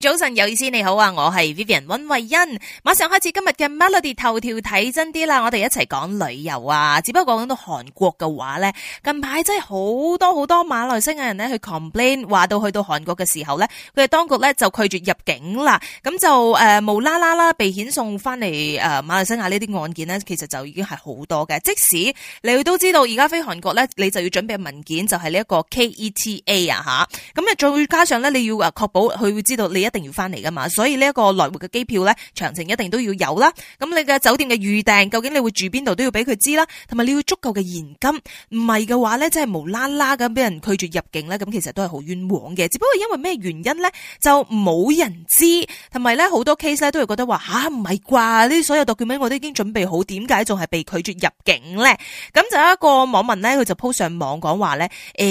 早晨有意思，你好啊，我係 Vivian 溫慧欣，馬上開始今日嘅 Melody 頭條睇真啲啦，我哋一齊講旅遊啊。只不過講到韓國嘅話咧，近排真係好多好多馬來西亞人咧去 complain，話到去到韓國嘅時候咧，佢哋當局咧就拒絕入境啦。咁就誒、呃、無啦啦啦被遣送翻嚟誒馬來西亞呢啲案件咧，其實就已經係好多嘅。即使你都知道而家飛韓國咧，你就要準備文件，就係呢一個 KETA 啊吓。咁啊再加上咧，你要誒確保佢會知道你。一定要翻嚟噶嘛，所以呢一個來回嘅機票咧，長程一定都要有啦。咁你嘅酒店嘅預訂，究竟你會住邊度都要俾佢知啦。同埋你要足夠嘅現金，唔係嘅話咧，即係無啦啦咁俾人拒絕入境咧，咁其實都係好冤枉嘅。只不過因為咩原因咧，就冇人知。同埋咧，好多 case 咧都係覺得話吓唔係啩？呢、啊、所有 d o 名我都已經準備好，點解仲係被拒絕入境咧？咁就有一個網民咧，佢就 p 上網講話咧，誒、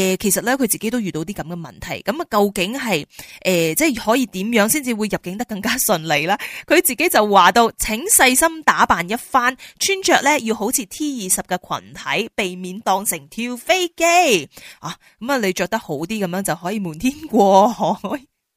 呃，其實咧佢自己都遇到啲咁嘅問題。咁啊，究竟係誒、呃，即係可以點？咁樣先至會入境得更加順利啦。佢自己就話到，請細心打扮一番，穿着呢要好似 T 二十嘅裙體，避免當成跳飛機啊。咁、嗯、啊，你着得好啲咁樣就可以瞞天過海。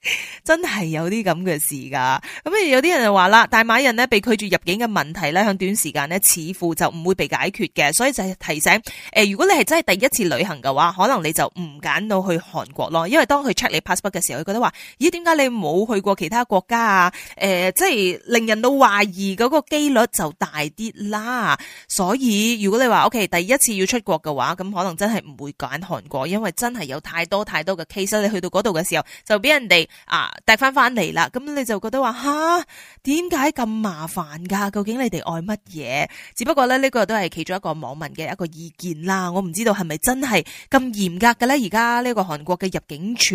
真係有啲咁嘅事噶，咁有啲人就話啦，大馬人呢被拒絕入境嘅問題呢響短時間呢似乎就唔會被解決嘅，所以就係提醒，誒、呃，如果你係真係第一次旅行嘅話，可能你就唔揀到去韓國咯，因為當佢 check 你 passport 嘅時候，佢覺得話，咦，點解你冇去過其他國家啊？誒、呃，即係令人到懷疑嗰個機率就大啲啦。所以如果你話 OK 第一次要出國嘅話，咁可能真係唔會揀韓國，因為真係有太多太多嘅 case，你去到嗰度嘅時候就俾人哋。啊，帶翻翻嚟啦，咁你就覺得話吓，點解咁麻煩噶？究竟你哋愛乜嘢？只不過咧呢個都係其中一個網民嘅一個意見啦。我唔知道係咪真係咁嚴格嘅咧？而家呢個韓國嘅入境處，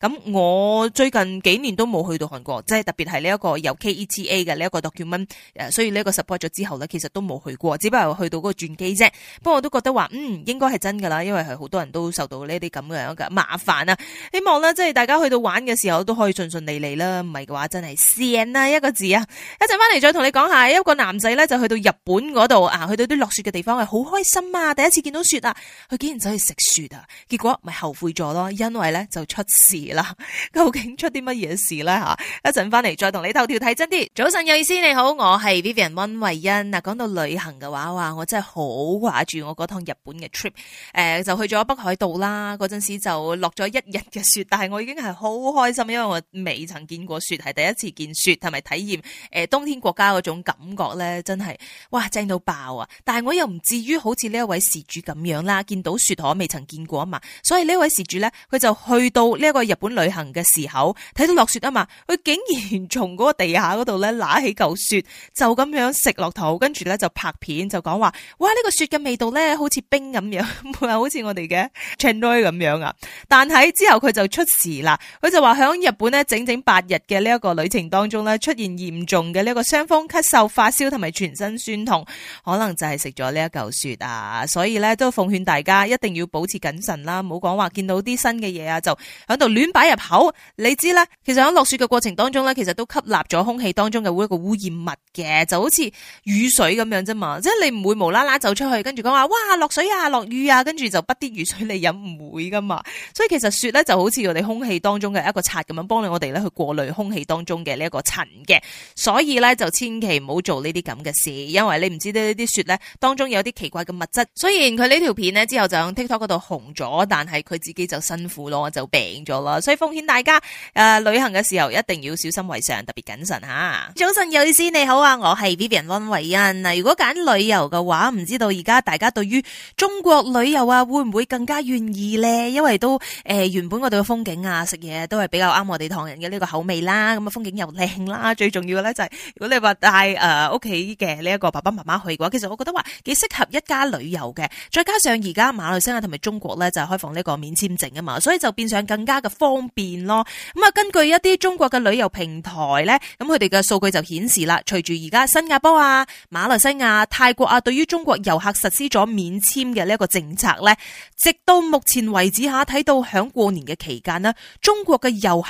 咁我最近幾年都冇去到韓國，即係特別係呢一個有 KETA 嘅呢一個 document。所以呢個 support 咗之後呢，其實都冇去過，只不過去到個轉機啫。不過我都覺得話，嗯，應該係真噶啦，因為係好多人都受到呢啲咁樣嘅麻煩啊。希望呢，即係大家去到玩嘅時候。都可以順順利利啦，唔係嘅話真係僾啦一個字啊！一陣翻嚟再同你講下，一個男仔咧就去到日本嗰度啊，去到啲落雪嘅地方係好開心啊，第一次見到雪啊，佢竟然走去食雪啊，結果咪後悔咗咯，因為咧就出事啦。究竟出啲乜嘢事咧？吓，一陣翻嚟再同你頭條睇真啲。早晨有意思你好，我係 Vivian 溫慧欣啊。講到旅行嘅話，哇，我真係好掛住我嗰趟日本嘅 trip，誒，就去咗北海道啦。嗰陣時就落咗一日嘅雪，但係我已經係好開心。因為我未曾見過雪，係第一次見雪，同埋體驗誒、呃、冬天國家嗰種感覺咧？真係哇，正到爆啊！但係我又唔至於好似呢一位事主咁樣啦，見到雪我未曾見過啊嘛。所以呢一位事主咧，佢就去到呢一個日本旅行嘅時候，睇到落雪啊嘛，佢竟然從嗰個地下嗰度咧拿起嚿雪，就咁樣食落肚，跟住咧就拍片就講話：，哇！呢、這個雪嘅味道咧，好似冰咁樣，唔 係好似我哋嘅 chocolate 咁樣啊！但係之後佢就出事啦，佢就話響。日本呢整整八日嘅呢一個旅程當中出現嚴重嘅呢個傷風、咳嗽、發燒同埋全身酸痛，可能就係食咗呢一嚿雪啊！所以呢，都奉勸大家一定要保持謹慎啦，唔好講話見到啲新嘅嘢啊，就喺度亂擺入口。你知啦，其實喺落雪嘅過程當中呢，其實都吸納咗空氣當中嘅一個污染物嘅，就好似雨水咁樣啫嘛。即係你唔會無啦啦走出去跟住講話，哇，落水啊，落雨啊，跟住就不啲雨水你飲唔會噶嘛。所以其實雪呢，就好似我哋空氣當中嘅一個塵。咁樣幫你我哋咧去過濾空氣當中嘅呢一個塵嘅，所以咧就千祈唔好做呢啲咁嘅事，因為你唔知道呢啲雪咧當中有啲奇怪嘅物質。雖然佢呢條片呢之後就喺 TikTok 嗰度紅咗，但係佢自己就辛苦咯，就病咗啦。所以奉勸大家，誒、呃，旅行嘅時候一定要小心為上，特別謹慎吓。早晨，意思，你好啊，我係 Vivian 溫慧恩。啊。如果揀旅遊嘅話，唔知道而家大家對於中國旅遊啊，會唔會更加願意咧？因為都誒、呃、原本我哋嘅風景啊，食嘢都係比較。啱我哋唐人嘅呢個口味啦，咁啊風景又靚啦，最重要嘅咧，就係如果你話帶誒屋企嘅呢一個爸爸媽媽去嘅話，其實我覺得話幾適合一家旅遊嘅。再加上而家馬來西亞同埋中國咧就開放呢個免簽證啊嘛，所以就變相更加嘅方便咯。咁啊根據一啲中國嘅旅遊平台咧，咁佢哋嘅數據就顯示啦，隨住而家新加坡啊、馬來西亞、泰國啊，對於中國遊客實施咗免簽嘅呢一個政策咧，直到目前為止吓，睇到響過年嘅期間啦，中國嘅遊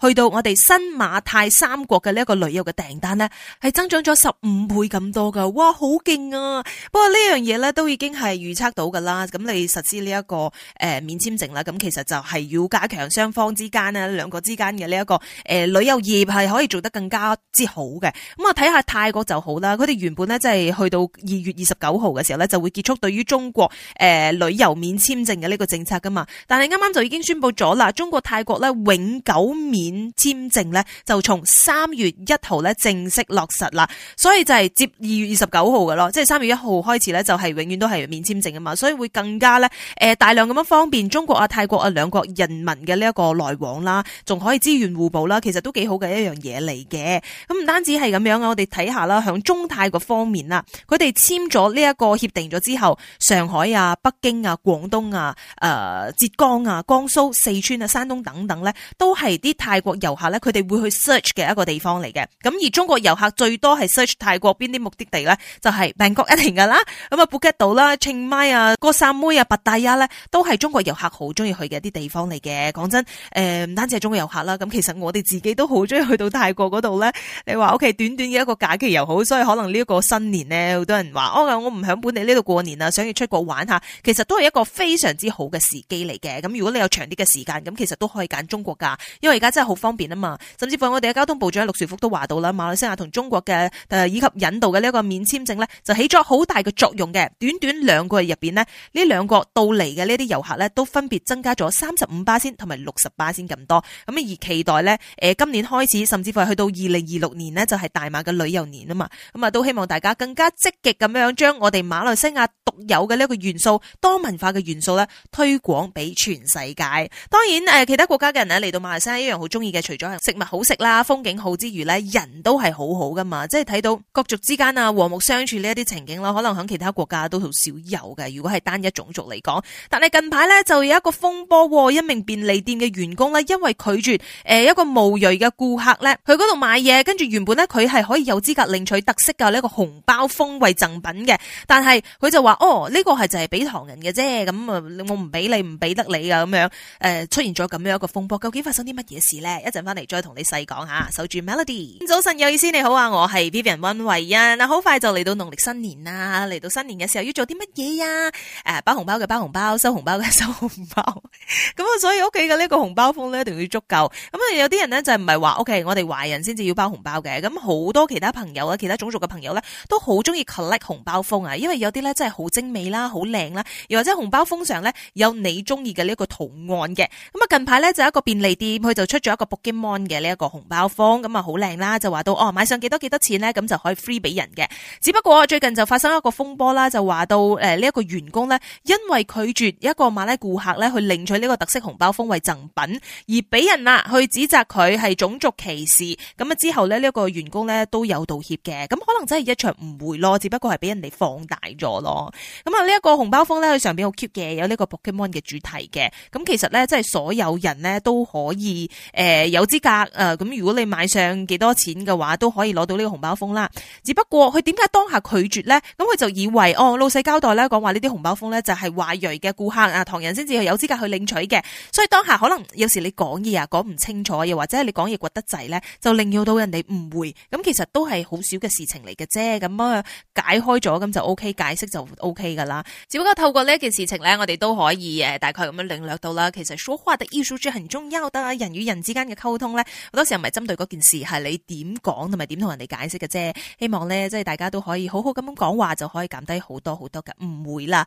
去到我哋新馬泰三國嘅呢一個旅遊嘅訂單呢係增長咗十五倍咁多噶，哇，好勁啊！不過呢樣嘢呢，都已經係預測到噶啦。咁你實施呢一個誒、呃、免簽證啦，咁其實就係要加強雙方之間呢兩個之間嘅呢一個誒、呃、旅遊業係可以做得更加之好嘅。咁啊，睇下泰國就好啦。佢哋原本呢，即係去到二月二十九號嘅時候呢，就會結束對於中國誒、呃、旅遊免簽證嘅呢個政策噶嘛，但係啱啱就已經宣布咗啦，中國泰國呢永久。九免簽證咧，就從三月一號咧正式落實啦，所以就係接二月二十九號嘅咯，即係三月一號開始咧、就是，就係永遠都係免簽證啊嘛，所以會更加咧、呃、大量咁樣方便中國啊、泰國啊兩國人民嘅呢一個來往啦，仲可以資源互補啦，其實都幾好嘅一樣嘢嚟嘅。咁唔單止係咁樣啊，我哋睇下啦，響中泰個方面啦，佢哋簽咗呢一個協定咗之後，上海啊、北京啊、廣東啊、呃、浙江啊、江蘇、四川啊、山東等等咧，都係。係啲泰國遊客咧，佢哋會去 search 嘅一個地方嚟嘅。咁而中國遊客最多係 search 泰國邊啲目的地咧，就係曼谷一定噶啦，咁啊普吉島啦、清邁啊、哥三妹啊、白大爺咧，都係中國遊客好中意去嘅一啲地方嚟嘅。講真，誒唔單止係中國遊客啦，咁其實我哋自己都好中意去到泰國嗰度咧。你話 OK，短短嘅一個假期又好，所以可能呢一個新年咧，好多人話啊，我唔響本地呢度過年啊，想要出國玩下，其實都係一個非常之好嘅時機嚟嘅。咁如果你有長啲嘅時間，咁其實都可以揀中國噶，因為而家真係好方便啊嘛，甚至乎我哋嘅交通部長陸樹福都話到啦，馬來西亞同中國嘅，誒以及印度嘅呢一個免簽證呢，就起咗好大嘅作用嘅。短短兩個月入邊呢，呢兩個到嚟嘅呢啲遊客呢，都分別增加咗三十五巴仙同埋六十巴仙咁多。咁而期待呢，誒今年開始，甚至乎係去到二零二六年呢，就係大馬嘅旅遊年啊嘛。咁啊都希望大家更加積極咁樣將我哋馬來西亞獨有嘅呢一個元素，多文化嘅元素呢，推廣俾全世界。當然誒，其他國家嘅人咧嚟到馬來。真係一樣好中意嘅，除咗係食物好食啦、風景好之餘呢，人都係好好噶嘛，即係睇到各族之間啊和睦相處呢一啲情景啦，可能響其他國家都好少有嘅，如果係單一種族嚟講。但係近排呢，就有一個風波，一名便利店嘅員工呢，因為拒絕誒、呃、一個巫裔嘅顧客呢，去嗰度買嘢，跟住原本呢，佢係可以有資格領取特色嘅呢個紅包封為贈品嘅，但係佢就話哦呢、這個係就係俾唐人嘅啫，咁啊我唔俾你唔俾得你啊咁樣誒、呃、出現咗咁樣一個風波，究竟發生啲？乜嘢事咧？一陣翻嚟再同你細講下。守住 Melody。早晨有意思，你好啊！我係 Vivian 溫慧欣啊！好快就嚟到農曆新年啦，嚟到新年嘅時候要做啲乜嘢呀？誒、啊，包紅包嘅包紅包，收紅包嘅收紅包。咁 啊、嗯，所以屋企嘅呢個紅包封咧，一定要足夠。咁、嗯、啊，有啲人咧就唔係話，OK，我哋華人先至要包紅包嘅。咁、嗯、好多其他朋友啊，其他種族嘅朋友咧，都好中意 collect 紅包封啊，因為有啲咧真係好精美啦，好靚啦，又或者紅包封上咧有你中意嘅呢個圖案嘅。咁、嗯、啊，近排咧就係、一個便利店。佢就出咗一個 Pokemon 嘅呢一個紅包封，咁啊好靚啦，就話到哦買上幾多幾多錢咧，咁就可以 free 俾人嘅。只不過最近就發生一個風波啦，就話到誒呢一個員工咧，因為拒絕一個馬來西亞顧客咧去領取呢個特色紅包封為贈品，而俾人啊去指責佢係種族歧視。咁啊之後咧呢一個員工咧都有道歉嘅，咁可能真係一場誤會咯，只不過係俾人哋放大咗咯。咁啊呢一個紅包封咧佢上邊好 cute 嘅，有呢個 Pokemon 嘅主題嘅。咁其實咧，即係所有人咧都可以。誒、呃、有資格誒，咁、呃、如果你買上幾多錢嘅話，都可以攞到呢個紅包封啦。只不過佢點解當下拒絕呢？咁佢就以為哦，老細交代咧，講話呢啲紅包封咧就係華裔嘅顧客啊，唐人先至有資格去領取嘅。所以當下可能有時你講嘢啊講唔清楚，又或者你講嘢講得滯呢，就令到到人哋誤會。咁其實都係好少嘅事情嚟嘅啫。咁解開咗咁就 OK，解釋就 OK 噶啦。只不過透過呢件事情呢，我哋都可以誒大概咁樣領略到啦。其實說話的藝術很重要的。人與人之間嘅溝通咧，好多時候唔係針對嗰件事，係你點講同埋點同人哋解釋嘅啫。希望咧，即係大家都可以好好咁樣講話，就可以減低好多好多嘅誤會啦。